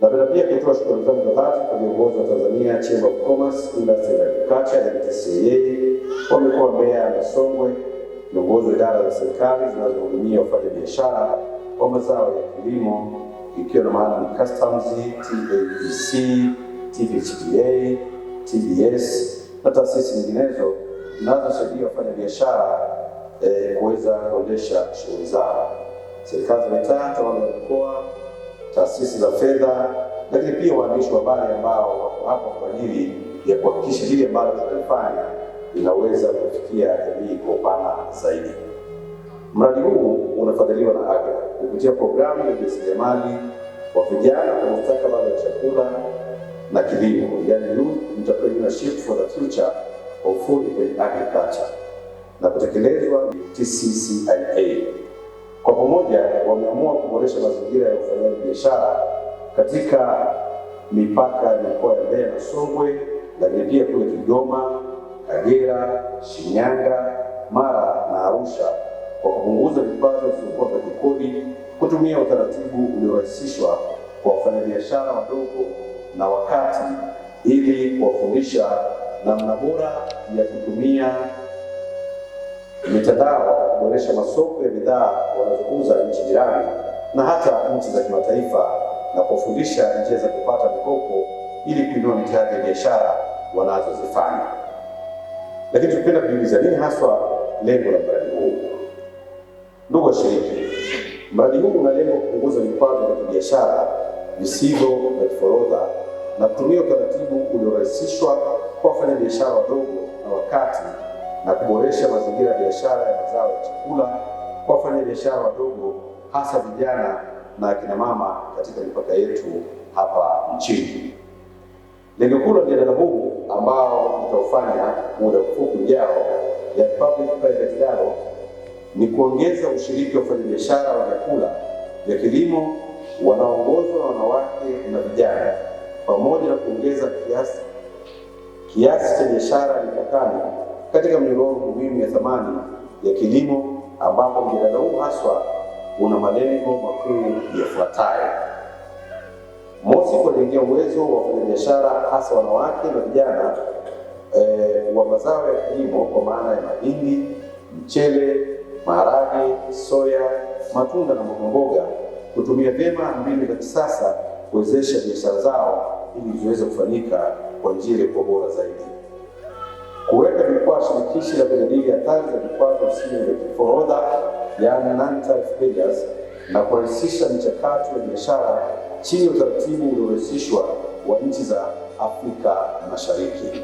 Napenda pia kutoa shukrani zangu za dhati kwa viongozi wa Tanzania Chamber of Commerce, Industry and Agriculture TCCIA, kwa mikoa Mbeya na Songwe, viongozi wa idara za serikali zinazohudumia wafanyabiashara wa mazao ya kilimo ikiwa na maana ni Customs, TADC, TVHDA, TBS na taasisi nyinginezo zinazosaidia wafanyabiashara eh, kuweza kuendesha shughuli zao. Serikali za mitaa, tawala za mikoa taasisi za fedha, lakini pia waandishi wa habari ambao wako hapa kwa ajili ya kuhakikisha hili ambalo tunalifanya linaweza kufikia jamii kwa upana zaidi. Mradi huu unafadhiliwa na AGRA kupitia programu ya ujasiriamali wa vijana kwa mustakabali wa chakula na kilimo, yani Youth Entrepreneurship for the Future of Food and Agriculture, na kutekelezwa TCCIA. Kwa pamoja wameamua kuboresha mazingira ya ufanyaji biashara katika mipaka ya mikoa ya Mbeya na Songwe, lakini pia kule Kigoma, Kagera, Shinyanga, Mara na Arusha kwa kupunguza vikwazo visivyokuwa vya kikodi, kutumia utaratibu uliorahisishwa kwa wafanyabiashara wadogo na wakati ili kuwafundisha namna bora ya kutumia mitandao kuboresha masoko ya bidhaa wanazouza nchi jirani na hata nchi za kimataifa na kuwafundisha njia za kupata mikopo ili kuinua mitaji ya biashara wanazozifanya. Lakini tupenda kujiuliza nini haswa lengo la mradi huu? Ndugu washiriki, mradi huu una lengo kupunguza vikwazo vya kibiashara visivyo vya kiforodha na kutumia utaratibu uliorahisishwa kwa wafanyabiashara wadogo na wakati na kuboresha mazingira ya biashara ya mazao ya chakula kwa wafanyabiashara wadogo, hasa vijana na akina mama katika mipaka yetu hapa nchini. Lengo kuu la mjadala huu ambao nitaufanya muda mfupi ujao, ya public private dialogue, ni kuongeza ushiriki wa wafanyabiashara wa vyakula vya kilimo wanaoongozwa na wanawake na vijana, pamoja na kuongeza kiasi kiasi cha biashara mipakani katika mnyororo muhimu ya thamani ya kilimo, ambapo mjadala huu haswa una malengo makuu yafuatayo: mosi, kuwajengea uwezo wa wafanyabiashara hasa wanawake na vijana e, wa mazao ya kilimo kwa maana ya mahindi, mchele, maharage, soya, matunda na mbogamboga kutumia vyema mbinu za kisasa kuwezesha biashara zao ili ziweze kufanyika kwa njia iliyokuwa bora zaidi kuweka vikwazo shirikishi la kujadili hatari za vikwazo visivyo vya kiforodha yaani non-tariff barriers na kurahisisha mchakato ya biashara chini ya utaratibu uliorahisishwa wa nchi za Afrika Mashariki.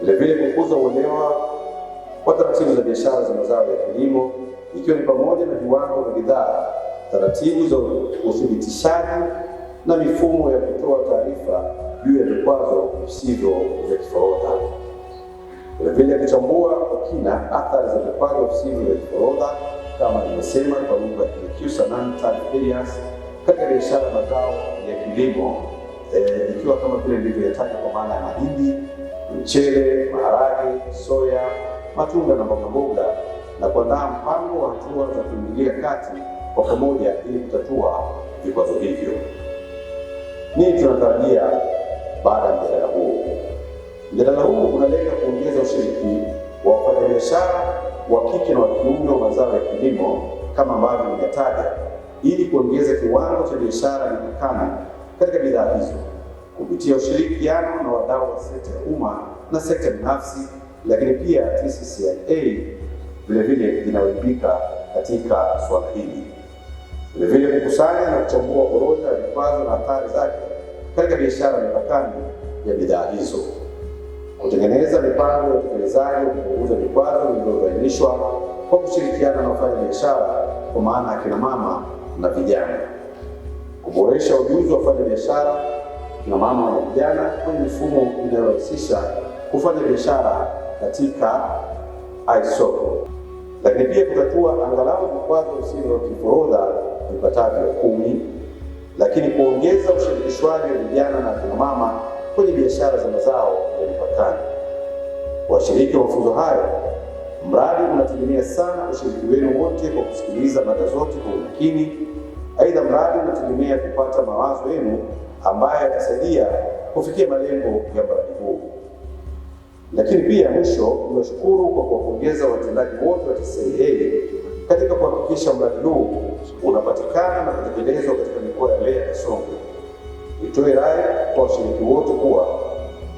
Vilevile kukuza uelewa wa taratibu za biashara za mazao ya kilimo ikiwa ni pamoja na viwango vya bidhaa, taratibu za uthibitishaji na mifumo ya kutoa taarifa juu ya vikwazo visivyo vya kiforodha. Vile kuchambua kwa kina athari za vikwazo visivyo vya forodha kama ilivyosema kwa lugha ya Kikuyu areas katika biashara mazao ya kilimo eh, ikiwa kama vile nilivyoyataja kwa maana ya mahindi, mchele, maharage, soya, matunda na mbogamboga, na kuandaa mpango wa hatua za kuingilia kati kwa pamoja ili kutatua vikwazo hivyo. Nini tunatarajia baada ya mjadala huo? Mjadala huu unalenga kuongeza ushiriki wa wafanyabiashara wa kike na wa kiume wa mazao ya kilimo kama ambavyo nimetaja, ili kuongeza kiwango cha biashara dukani katika bidhaa hizo kupitia ushirikiano na wadau wa sekta ya umma na sekta binafsi, lakini pia TCCIA vilevile inawajibika katika suala hili, vilevile kukusanya na kuchambua orodha ya vikwazo na athari zake katika biashara mipakani ya bidhaa hizo kutengeneza mipango ya utekelezaji, kupunguza vikwazo vilivyobainishwa kwa kushirikiana na wafanya biashara, kwa maana akina mama na vijana, kuboresha ujuzi wa wafanya biashara na mama na vijana kwenye mifumo inayorahisisha kufanya biashara katika isoko, lakini pia kutatua angalau vikwazo visivyo kiforodha vipatavyo kumi, lakini kuongeza ushirikishwaji wa vijana na akina mama kwenye biashara za mazao ya mipakani. Washiriki wa mafunzo hayo, mradi unategemea sana ushiriki wenu wote kwa kusikiliza mada zote kwa umakini. Aidha, mradi unategemea kupata mawazo yenu ambayo yatasaidia kufikia malengo ya mradi huu. Lakini pia mwisho, tunashukuru kwa kuwapongeza watendaji wote wa TCCIA katika kuhakikisha mradi huu unapatikana na kutekelezwa katika mikoa ya Mbeya na Songwe. Nitoe rai kwa washiriki wote kuwa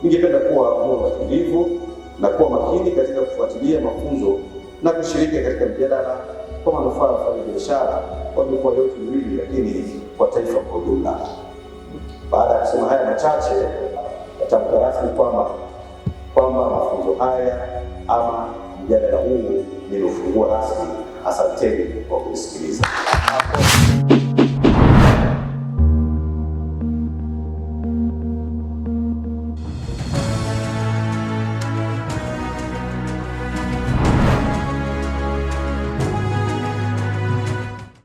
ningependa kuwa moyo watulivu na kuwa makini katika kufuatilia mafunzo na kushiriki katika mjadala kwa manufaa ya biashara kwa mikoa yote miwili, lakini kwa taifa kwa ujumla. Baada ya kusema haya machache, natamka rasmi kwamba kwamba mafunzo haya ama mjadala huu niliofungua rasmi. Asanteni kwa kusikiliza.